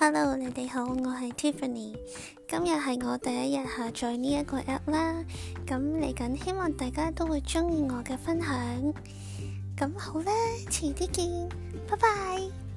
Hello，你哋好，我係 Tiffany，今日係我第一日下載呢一個 app 啦，咁嚟緊希望大家都會中意我嘅分享，咁好啦，遲啲見，拜拜。